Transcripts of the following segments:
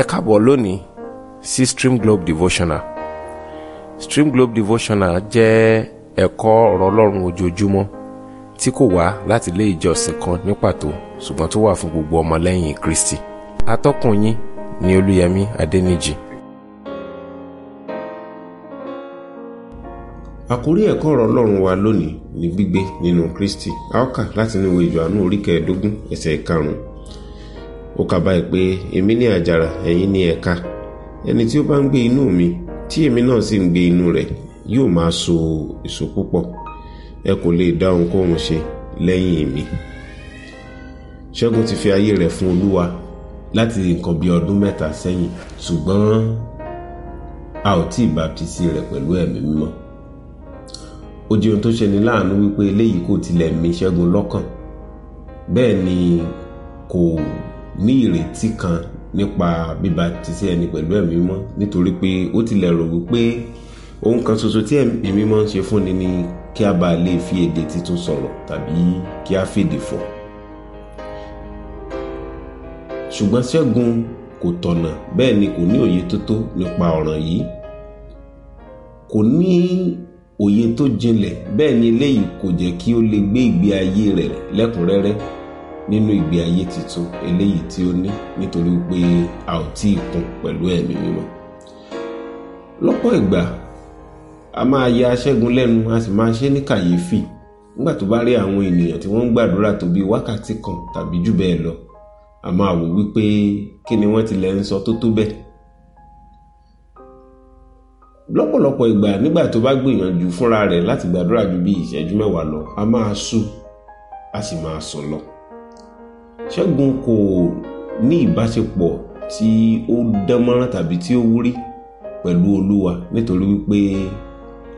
ẹ káàbọ̀ lónìí sí Stream Globe Devotional Stream Globe Devotional jẹ́ ẹ̀kọ́ ọ̀rọ̀ ọlọ́run ojoojúmọ́ tí kò wá láti ilé ìjọsìn kan ní pàtó ṣùgbọ́n tó wà fún gbogbo ọmọlẹ́yìn Kristi atọ́kùn yín ni Olúyẹmí Adẹ́nìjì. àkórí ẹ̀kọ́ ọ̀rọ̀ ọlọ́run wa lónìí ni gbígbé nínú Kristi a ó kà láti inú ìwé Jòhánù orí kẹẹ̀ẹ́dógún ẹsẹ̀ ìkarùn-ún ó kà báyìí pé èmi ní àjàrà ẹ̀yin ní ẹ̀ka ẹni tí ó bá ń gbé inú mi tí èmi náà sì ń gbé inú rẹ̀ yóò máa so èso púpọ̀ ẹ kò lè dá ohunkóhun ṣe lẹ́yìn mi ṣẹ́gun ti fi ayé rẹ̀ fún olúwa láti nǹkan bíi ọdún mẹ́ta sẹ́yìn ṣùgbọ́n a ò tí ì baptisi rẹ̀ pẹ̀lú ẹ̀mí mímọ́ ó di ohun tó ṣeni láàánú wípé eléyìí kò tilẹ̀ mì ṣẹ́gun lọ́kàn bẹ́ẹ̀ ni kò ní ìrètí kan nípa bíba títí ẹni pẹ̀lú ẹ̀mí mímọ́ nítorí pé ó tilẹ̀ rò wípé ohun kan ṣoṣo tí ẹ̀mí mímọ́ ń ṣe fúnni ni kí a bá lè fi èdè tuntun sọ̀rọ̀ tàbí kí a fèdè fọ̀ ṣùgbọ́n Ṣẹ́gun kò tọ̀nà bẹ́ẹ̀ ni kò ní òye tó tó nípa ọ̀ràn yìí kò ní òye tó jinlẹ̀ bẹ́ẹ̀ ni eléyìí kò jẹ́ kí ó lè gbé ìgbé ayé rẹ̀ lẹ́kùnrẹ́rẹ́ nínú ìgbé ayé tuntun eléyìí tí ó ní nítorí pé a ò tí ì kún pẹ̀lú ẹ̀mí mímọ́ lọ́pọ̀ ìgbà a máa ya aṣẹ́gun lẹ́nu a sì máa ṣe ní kàyéfì nígbà tó bá rí àwọn ènìyàn tí wọ́n ń gbàdúrà tó bíi wákàtí kan tàbí jù bẹ́ẹ̀ lọ a máa wò wípé kí ni wọ́n tilẹ̀ ń sọ tó tó bẹ́ẹ̀ lọ́pọ̀lọpọ̀ ìgbà nígbà tó bá gbìyànjú fúnra rẹ̀ láti gbàdúrà ju bí ìṣẹ́jú mẹ́wàá lọ a máa sú a sì máa sùn lọ ṣẹ́gun kò ní ìbáṣepọ̀ tí ó dánmọ́rán tàbí tí ó wúrí pẹ̀lú olúwa nítorí wípé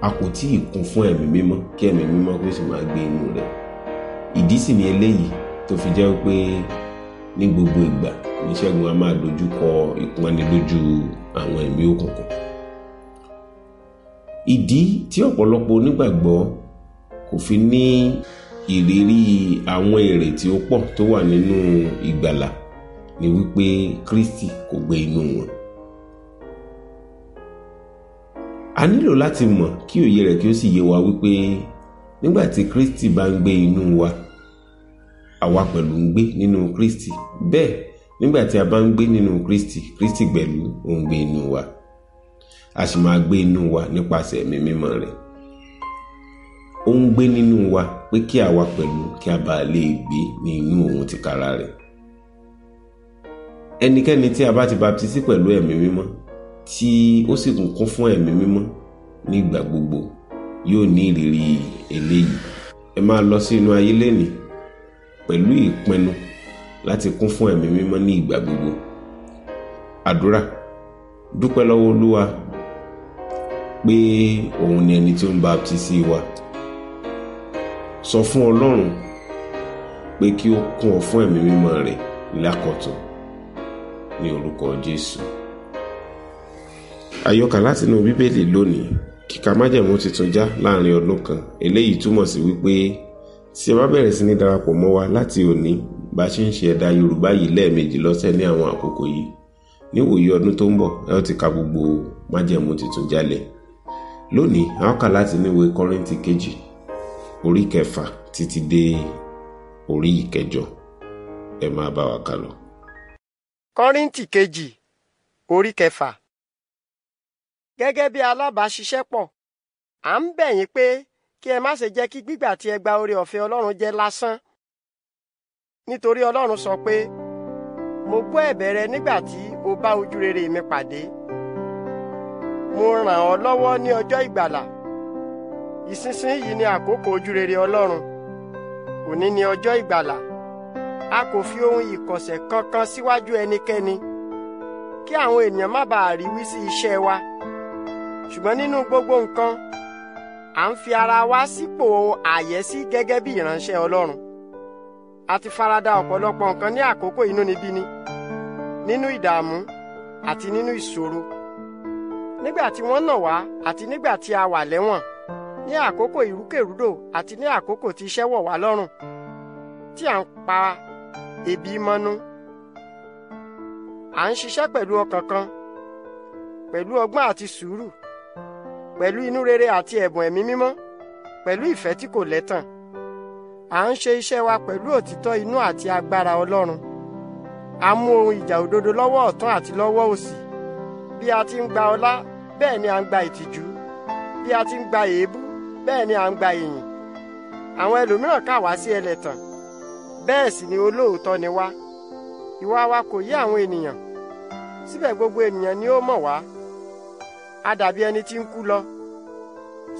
a kò tí ì kún fún ẹ̀mí mímọ́ kí ẹ̀mí mímọ́ kó sì máa gbé inú rẹ̀ ìdí sì ni eléyìí tó fi jẹ́ pé ní gbogbo ìgbà ní ṣẹ́gun a máa dojú kọ ìpọ́nilójú àwọn ẹ̀mí òkùnkùn ìdí tí ọ̀pọ̀lọpọ̀ onígbàgbọ́ kò fi ní ìrírí àwọn èrè tí ó pọ̀ tó wà nínú ìgbàlà ni wípé Kristi kò gbé inú wọn. a nílò láti mọ̀ kí òye rẹ̀ kí ó sì yé wa wípé nígbà tí Kristi bá ń gbé inú wa àwa pẹ̀lú ń gbé nínú Kristi bẹ́ẹ̀ nígbà tí a bá ń gbé nínú Kristi Kristi pẹ̀lú òun gbé inú wa a sì máa gbé inú wa nípasẹ̀ ẹ̀mí mímọ́ rẹ̀ ó ń gbé nínú wa pé kí àwa pẹ̀lú kí a bàa lè gbé ní inú òun tìkára rẹ̀ ẹnikẹ́ni tí a bá ti baptisi pẹ̀lú ẹ̀mí mímọ́ tí ó sì kún kún fún ẹ̀mí mímọ́ nígbà gbogbo yóò ní ìrírí eléyìí ẹ máa lọ sí inú ayé lẹ́nìí pẹ̀lú ìpinnu láti kún fún ẹ̀mí mímọ́ ní ìgbà gbogbo àdúrà dúpẹ́ lọ́wọ́ olúwa pé òun ni ẹni tí ó ń baptisi wa sọ fún ọlọ́run pé kí ó kún ọ fún ẹ̀mí mímọ́ rẹ̀ lákọ̀tun ní orúkọ jésù àyọkà látinú bíbélì lónìí kíka májẹ̀mú tuntun já láàrin ọdún kan eléyìí túmọ̀ sí wípé tí ẹ bá bẹ̀rẹ̀ sí ní darapọ̀ mọ́ wa láti òní bá a ṣe ń ṣe ẹ̀dà yorùbá yìí lẹ́ẹ̀mejì lọ́sẹ̀ ní àwọn àkókò yìí níwòye ọdún tó ń bọ̀ ẹ ó ti ka gbogbo májẹ̀mú tuntun jálẹ̀ lónìí a kà láti níwèé kọ́rìntì kejì orí kẹfà títí dé orí ìkẹjọ ẹ máa bá wa kà lọ. kọ́ríntì kejì orí kẹfà. gẹ́gẹ́ bí alábàáṣiṣẹ́pọ̀ à ń bẹ̀ yín pé kí ẹ má ṣe jẹ́ kí gbígbà tí ẹ gba oore ọ̀fẹ́ ọlọ́run jẹ́ lásán nítorí ọlọ́run sọ pé mo gbọ́ ẹ̀bẹ̀ rẹ nígbà tí o bá ojú rere mi pàdé mo ràn ọ́ lọ́wọ́ ní ọjọ́ ìgbàlà ìsinsìnyí ni àkókò ojúrere Ọlọ́run òní ni ọjọ́ ìgbàlà a kò fi ohun ìkọ̀sẹ̀ kankan síwájú ẹnikẹ́ni kí àwọn ènìyàn má bàa rí wí sí iṣẹ́ wa ṣùgbọ́n nínú gbogbo nǹkan à ń fi ara wa sípò àyẹ́sí gẹ́gẹ́ bí ìránṣẹ́ Ọlọ́run a ti farada ọ̀pọ̀lọpọ̀ nǹkan ní àkókò inúnibíni nínú ìdààmú àti nínú ìṣòro nígbà tí wọ́n nà wá àti nígbà tí a wà lẹ́wọ̀n ní àkókò ìrúkèrúdò àti ní àkókò tí iṣẹ́ wọ̀ wá lọ́rùn tí à ń pa ebi mọ́nú à ń ṣiṣẹ́ pẹ̀lú ọkàn kan pẹ̀lú ọgbọ́n àti sùúrù pẹ̀lú inú rere àti ẹ̀bùn ẹ̀mí mímọ́ pẹ̀lú ìfẹ́ tí kò lẹ́tàn à ń ṣe iṣẹ́ wa pẹ̀lú òtítọ́ inú àti agbára Ọlọ́run a mú ohun ìjà òdodo lọ́wọ́ ọ̀tún àti lọ́wọ́ òsì bí a ti ń gba ọlá bẹ́ẹ̀ ni a ń gba ìtìjú bí a ti ń gba èébú bẹ́ẹ̀ ni à ń gba ìyìn àwọn ẹlòmíràn kà wá sí ẹlẹ́tàn bẹ́ẹ̀ sì ni olóòótọ́ ni wá ìwà wa kò ye àwọn ènìyàn síbẹ̀ gbogbo ènìyàn ni ó mọ̀ wá a dàbí ẹni tí ń kú lọ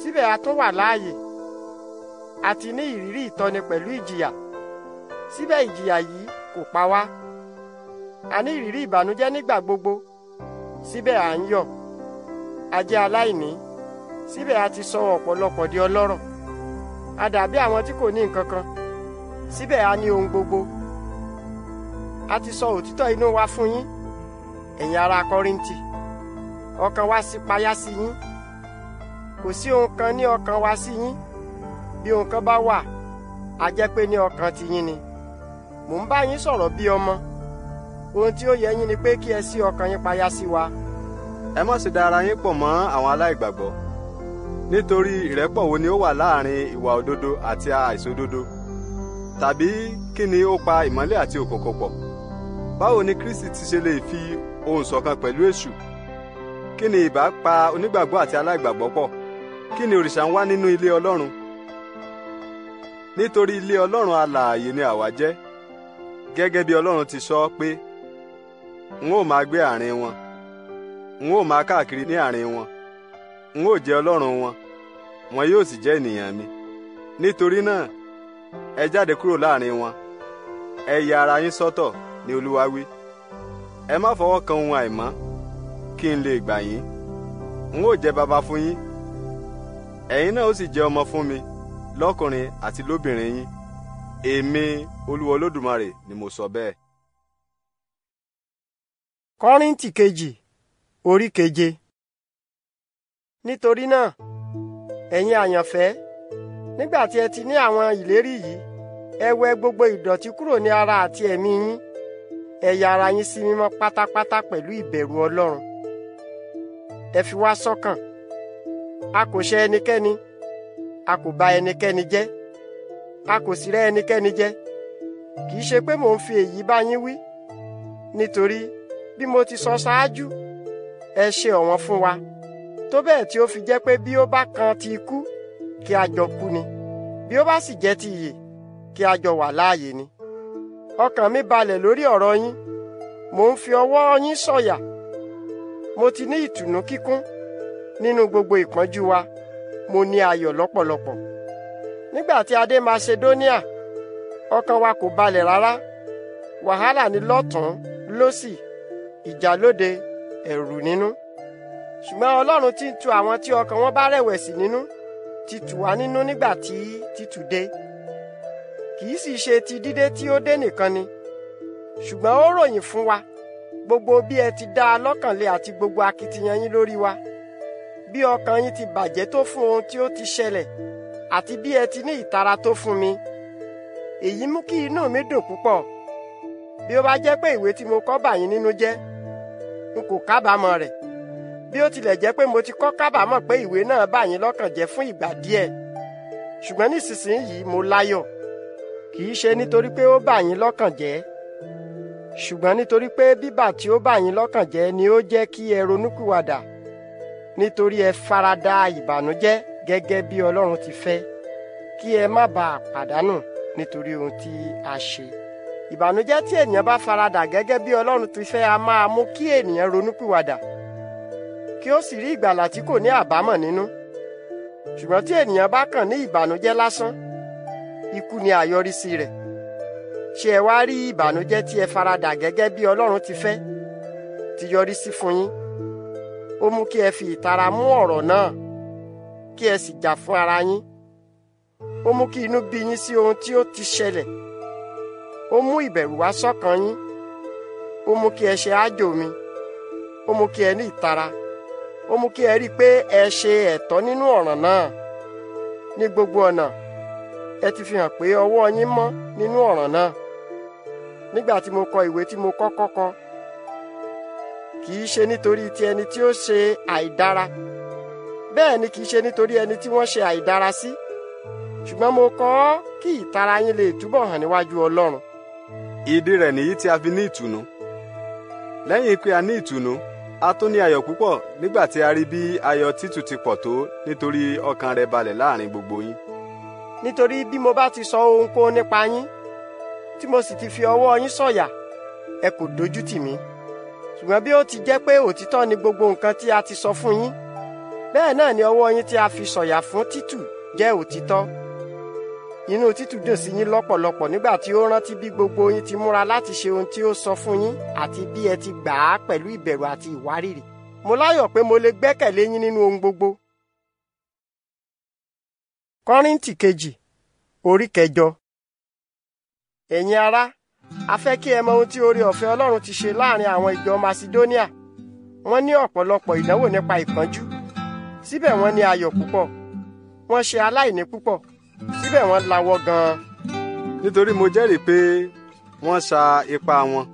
síbẹ̀ a tún wà láàyè a ti ní ìrírí ìtọ́ni pẹ̀lú ìjìyà síbẹ̀ ìjìyà yìí kò pa wá a ní ìrírí ìbànújẹ́ nígbà gbogbo síbẹ̀ à ń yọ̀ a jẹ́ aláìní síbẹ̀ a ti sọ ọ̀pọ̀lọpọ̀ di ọlọ́rọ̀ a dàbí àwọn tí kò ní nǹkan kan síbẹ̀ a ní ohun gbogbo a ti sọ òtítọ́ inú wa fún yín ẹ̀yin ará Kọ́ríńtì ọkàn wa sì payá sí yín kò sí ohun kan ní ọkàn wa sí yín bí ohun kan bá wà a jẹ́ pé ní ọkàn ti yín ni mò ń bá yín sọ̀rọ̀ bí ọmọ ohun tí ó yẹ yín ni pé kí ẹ sí ọkàn yín payá sí wa. ẹ má ṣe da ara yín pọ̀ mọ́ àwọn aláìgbàgbọ́ nítorí ìrẹ́pọ̀ wo ni ó wà láàrin ìwà òdodo àti àìṣòdodo tàbí kí ni ó pa ìmọ́lẹ̀ àti òkùnkùn pọ̀ báwo ni Kristi ti ṣe lè fi ohùn ṣọ̀kan pẹ̀lú èṣù kí ni ìbá pa onígbàgbọ́ àti aláìgbàgbọ́ pọ̀ kí ni òrìṣà ń wá nínú ilé Ọlọ́run nítorí ilé Ọlọ́run alààyè ni àwa jẹ́ gẹ́gẹ́ bí Ọlọ́run ti sọ pé n ó máa gbé àárín wọn n ó máa káàkiri ní àárín wọn n ó jẹ ọlọ́run wọn wọn yóò sì jẹ́ ènìyàn mi nítorí náà ẹ jáde kúrò láàrin wọn ẹ ya ara yín sọ́tọ̀ ni olúwa wí ẹ má fọwọ́ kan ohun àìmọ́ kí n lè gbà yín n ó jẹ baba fún yín ẹ̀yin náà ó sì jẹ́ ọmọ fún mi lọ́kùnrin àti lóbìnrin yín èmi olúwa olódùmarè ni mo sọ bẹ́ẹ̀. kọ́ríntì kejì orí keje. nítorí náà ẹ̀yin àyànfẹ́ nígbà tí ẹ ti ní àwọn ìlérí yìí ẹ wẹ gbogbo ìdọ̀tí kúrò ní ara àti ẹ̀mí yín ẹ ya ara yín sí mímọ́ pátápátá pẹ̀lú ìbẹ̀rù Ọlọ́run ẹ fi wá sọ́kàn a kò ṣe ẹnikẹ́ni a kò bà ẹnikẹ́ni jẹ́ a kò sì rẹ́ ẹnikẹ́ni jẹ kì í ṣe pé mò ń fi èyí bá yín wí nítorí bí mo ti sọ ṣáájú ẹ ṣe ọ̀wọ́n fún wa tó bẹ́ẹ̀ tí ó fi jẹ́ pé bí ó bá kan ti ikú kí a jọ kú ni bí ó bá sì jẹ́ ti ìyè kí a jọ wà láàyè ni ọkàn mi balẹ̀ lórí ọ̀rọ̀ yín mò ń fi ọwọ́ yín sọ̀yà mo ti ní ìtùnú kíkún nínú gbogbo ìpọ́njú wa mo ní ayọ̀ lọ́pọ̀lọpọ̀ nígbà tí a Macedonia ọkàn wa kò balẹ̀ rárá wàhálà ni lọ́tùn-ún lósì ìjà lóde ẹ̀rù nínú ṣùgbọ́n ọlọ́run ti ń tu àwọn tí ọkàn wọn bá rẹ̀wẹ̀sì nínú ti tù wá nínú nígbà tí títù dé kì í sì ṣe ti dídé tí ó dé nìkan ni ṣùgbọ́n ó ròyìn fún wa gbogbo bí ẹ ti dá a lọ́kànlé àti gbogbo akitiyan yín lórí wa bí ọkàn yín ti bàjẹ́ tó fún ohun tí ó ti ṣẹlẹ̀ àti bí ẹ ti ní ìtara tó fún mi èyí mú kí inú mi dùn púpọ̀ bí ó bá jẹ́ pé ìwé tí mo kọ bà nínú jẹ́ n kò kábàámọ̀ rẹ̀ bí ó tilẹ̀ jẹ́ pé mo ti kọ́ kábàámọ̀ pé ìwé náà bà yín lọ́kàn jẹ́ fún ìgbà díẹ̀ ṣùgbọ́n nísinsìnyí mo láyọ̀ kì í ṣe nítorí pé ó bà yín lọ́kàn jẹ́ ṣùgbọ́n nítorí pé bíbà tí ó bà yín lọ́kàn jẹ́ ni ó jẹ́ kí ẹ ronúpìwàdà nítorí ẹ farada ìbànújẹ́ gẹ́gẹ́ bí Ọlọ́run ti fẹ́ kí ẹ má bàa pàdánù nítorí ohun tí a ṣe ìbànújẹ́ tí ènìyàn bá farada gẹ́gẹ́ bí Ọlọ́run ti fẹ́ a máa mú kí ènìyàn ronúpìwàdà kí ó sì rí ìgbàlà tí kò ní àbámọ̀ nínú ṣùgbọ́n tí ènìyàn bá kàn ní ìbànújẹ́ lásán ikú ni àyọrísí rẹ̀ ṣé ẹ wá rí ìbànújẹ́ tí ẹ faradà gẹ́gẹ́ bí Ọlọ́run ti fẹ́ ti yọrí sí fún yín ó mú kí ẹ fi ìtara mú ọ̀rọ̀ náà kí ẹ sì jà fún ara yín ó mú kí inú bí yín sí ohun tí ó ti ṣẹlẹ̀ ó mú ìbẹ̀rù wá sọ́kàn yín ó mú kí ẹ ṣe ájò mi ó mú kí ẹ ní ìtara. ó mú kí ẹ rí i pé ẹ ṣe ẹ̀tọ́ nínú ọ̀ràn náà ní gbogbo ọ̀nà ẹ ti fi hàn pé ọwọ́ yín mọ́ nínú ọ̀ràn náà nígbà tí mo kọ ìwé tí mo kọ́kọ́ kọ kì í ṣe nítorí ti ẹni tí ó ṣe àìdára bẹ́ẹ̀ ni kì í ṣe nítorí ẹni tí wọ́n ṣe àìdára sí ṣùgbọ́n mo kọ ọ́ kí ìtara yín lè túbọ̀ hàn níwájú Ọlọ́run. ìdí rẹ̀ nìyí tí a fi ní ìtùnú lẹ́yìn pé a ní ìtùnú a tún ní ayọ̀ púpọ̀ nígbà tí a rí bí ayọ̀ títù ti pọ̀ tó nítorí ọkàn rẹ̀ balẹ̀ láàrin gbogbo yín. nítorí bí mo bá ti sọ ohunkóhun nípa yín tí mo sì ti fi ọwọ́ yín sọ̀yà ẹ kò dojú tì mí ṣùgbọ́n bí ó ti jẹ́ pé òtítọ́ ni gbogbo nǹkan tí a ti sọ fún yín bẹ́ẹ̀ náà ni ọwọ́ yín tí a fi sọ̀yà fún títù jẹ́ òtítọ́ inú títù dùn sí yín lọ́pọ̀lọpọ̀ nígbà tí ó rántí bí gbogbo yín ti múra láti ṣe ohun tí ó sọ fún yín àti bí ẹ ti gbà á pẹ̀lú ìbẹ̀rù àti ìwárìrì mo láyọ̀ pé mo lè gbẹ́kẹ̀lé yín nínú ohun gbogbo. kọ́ríntì kejì orí kẹjọ ẹ̀yin ará a fẹ́ kí ẹ mọ ohun tí oore ọ̀fẹ́ ọlọ́run ti ṣe láàrin àwọn ìjọ macedonia wọ́n ní ọ̀pọ̀lọpọ̀ ìdánwò nípa ìpọ́njú síbẹ̀ wọ́n ní ayọ̀ púpọ̀ wọ́n ṣe aláìní púpọ̀ síbẹ̀ wọ́n lawọ́ gan-an nítorí mo jẹ́rìí pé wọ́n sa ipá wọn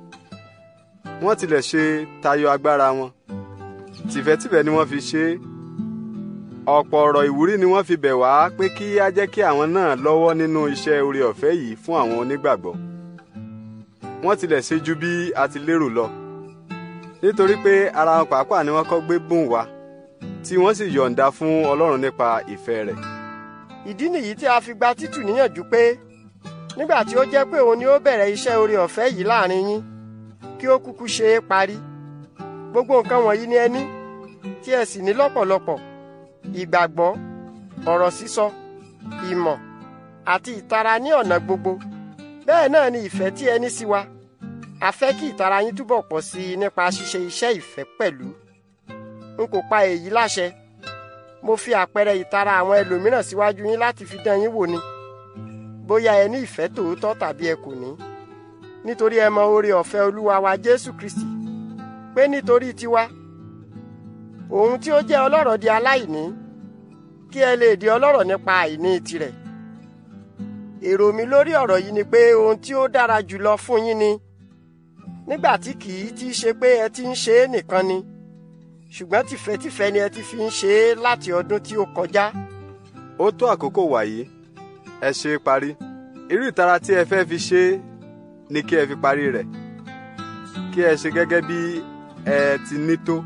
wọ́n tilẹ̀ ṣe tayọ agbára wọn tìfẹ́tìfẹ́ ni wọ́n fi ṣe é ọ̀pọ̀ ọ̀rọ̀ ìwúrí ni wọ́n fi bẹ̀ wá pé kí á jẹ́ kí àwọn náà lọ́wọ́ nínú iṣẹ́ oore ọ̀fẹ́ yìí fún àwọn onígbàgbọ́ wọ́n tilẹ̀ ṣe ju bí a ti lérò lọ nítorí pé ara wọn pàápàá ni wọ́n kọ́ gbé bùn wá tí wọ́n sì yọ̀ǹda fún Ọlọ́run nípa ìfẹ́ rẹ̀ ìdí nìyí tí a fi gba Títù níyànjú pé nígbà tí ó jẹ́ pé òun ni ó bẹ̀rẹ̀ iṣẹ́ oore ọ̀fẹ́ yìí láàrin yín kí ó kúkú ṣe é parí gbogbo nǹkan wọ̀nyí ni ẹ ní tí ẹ sì ní lọ́pọ̀lọpọ̀ ìgbàgbọ́ ọ̀rọ̀ sísọ ìmọ̀ àti ìtara ní ọ̀nà gbogbo bẹ́ẹ̀ náà ni ìfẹ́ tí ẹ sí wa a fẹ́ kí ìtara yín túbọ̀ pọ̀ sí i nípa ṣíṣe iṣẹ́ ìfẹ́ pẹ̀lú n kò pa èyí láṣẹ mo fi àpẹẹrẹ ìtara àwọn ẹlòmíràn síwájú yín láti fi dán yín wò ni bóyá ẹ ní ìfẹ́ tòótọ́ tàbí ẹ kò ní nítorí ẹ mọ oore ọ̀fẹ́ olúwa wa jésù kristi pé nítorí tiwa òun tí ó jẹ́ ọlọ́rọ̀ di aláìní kí ẹ lè di ọlọ́rọ̀ nípa àìní tirẹ̀ èrò mi lórí ọ̀rọ̀ yìí ni pé ohun tí ó dára jùlọ fún yín ni nígbà tí kì í ti ṣe pé ẹ ti ń ṣe é nìkan ni. Pe, ṣùgbọ́n tìfẹ́tìfẹ́ ni ẹ ti fi ń ṣe é láti ọdún tí ó kọjá. ó tó àkókò wàyí ẹ ṣe é parí irú ìtara tí ẹ fẹ́ fi ṣe é ni kí ẹ fi parí rẹ̀ kí ẹ ṣe gẹ́gẹ́ bí ẹ ti ní tó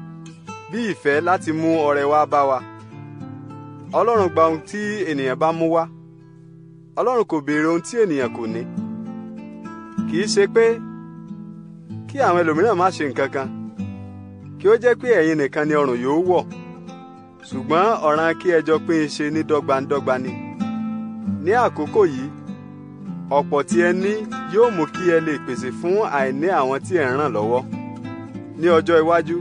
bí ìfẹ́ láti mú ọrẹ wá bá wa ọlọ́run gba ohun tí ènìyàn bá mú wá ọlọ́run kò béèrè ohun tí ènìyàn kò ní kì í ṣe pé kí àwọn ẹlòmíràn má ṣe nǹkan kan kí ó jẹ́ pé ẹ̀yin nìkan ni ọrùn yóò wọ̀ ṣùgbọ́n ọ̀ràn kí ẹ jọ pín in ṣe ní dọ́gbandọ́gba ni ní àkókò yìí ọ̀pọ̀ tí ẹ ní yóò mú kí ẹ lè pèsè fún àìní àwọn tí ẹ ń ràn lọ́wọ́ ní ọjọ́ iwájú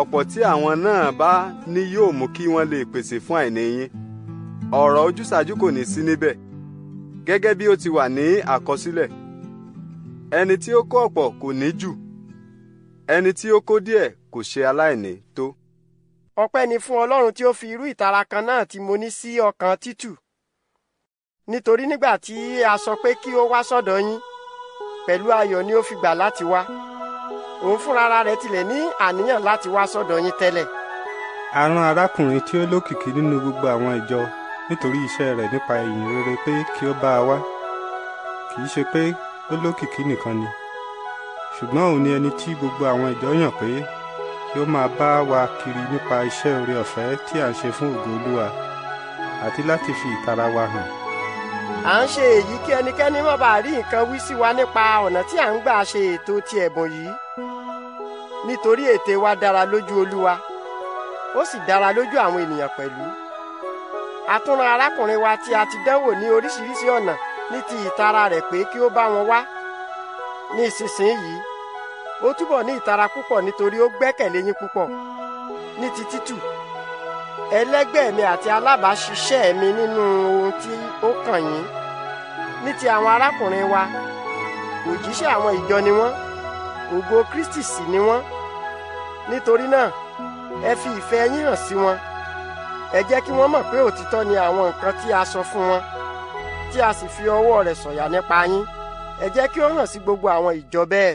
ọ̀pọ̀ tí àwọn náà bá ní yóò mú kí wọ́n lè pèsè fún àìní yín ọ̀rọ̀ ojúsàájú kò ní sí níbẹ̀ gẹ́gẹ́ bí ó ti wà ní àkọsílẹ̀ ẹni tí ó kó ọ̀pọ̀ kò ní jù ẹni tí ó kó díẹ̀ kò ṣe aláìní tó. ọpẹ́ ni fún ọlọ́run tí ó fi irú ìtara kan náà tí mo ní sí ọkàn títù nítorí nígbà tí a sọ pé kí ó wá sọ́dọ̀ yín pẹ̀lú ayọ̀ ni ó fi gbà láti wá òun fúnra rẹ̀ tilẹ̀ ní àníyàn láti wá sọ́dọ̀ yín tẹ́lẹ̀. a arákùnrin tí ó lókìkí nínú gbogbo àwọn ìjọ nítorí iṣẹ́ rẹ̀ nípa ìyìn rere pé kí ó bá a wá kì í ṣe pé ó lókìkí nìkan ni ṣùgbọ́n òun ni ẹni tí gbogbo àwọn ìjọ yàn pé kí ó máa bá wa kiri nípa iṣẹ́ oore ọ̀fẹ́ tí à ń ṣe fún ògo Olúwa àti láti fi ìtara wa hàn. à ń ṣe èyí kí ẹnikẹ́ni má bàa rí nǹkan wí sí wa nípa ọ̀nà tí à ń gbà ṣe ètò ti ẹ̀bùn yìí nítorí ète wa dára lójú Olúwa ó sì dára lójú àwọn ènìyàn pẹ̀lú a arákùnrin wa tí a ti dánwò ní oríṣiríṣi ọ̀nà ní ti ìtara rẹ̀ pé kí ó bá wọn wá ní ìsinsìnyí ó túbọ̀ ní ìtara púpọ̀ nítorí ó gbẹ́kẹ̀lé yín púpọ̀ ní ti títù ẹlẹ́gbẹ́ mi àti alábàáṣiṣẹ́ mi nínú ohun tí ó kàn yín ní ti àwọn arákùnrin wa òjíṣẹ́ àwọn ìjọ ni wọ́n ògo Kristi sì ni wọ́n nítorí náà ẹ fi ìfẹ́ yín hàn sí wọn ẹ jẹ́ kí wọ́n mọ̀ pé òtítọ́ ni àwọn nǹkan tí a sọ fún wọn tí a sì fi ọwọ́ rẹ̀ sọ̀yà nípa yín ẹ jẹ́ kí ó hàn sí gbogbo àwọn ìjọ bẹ́ẹ̀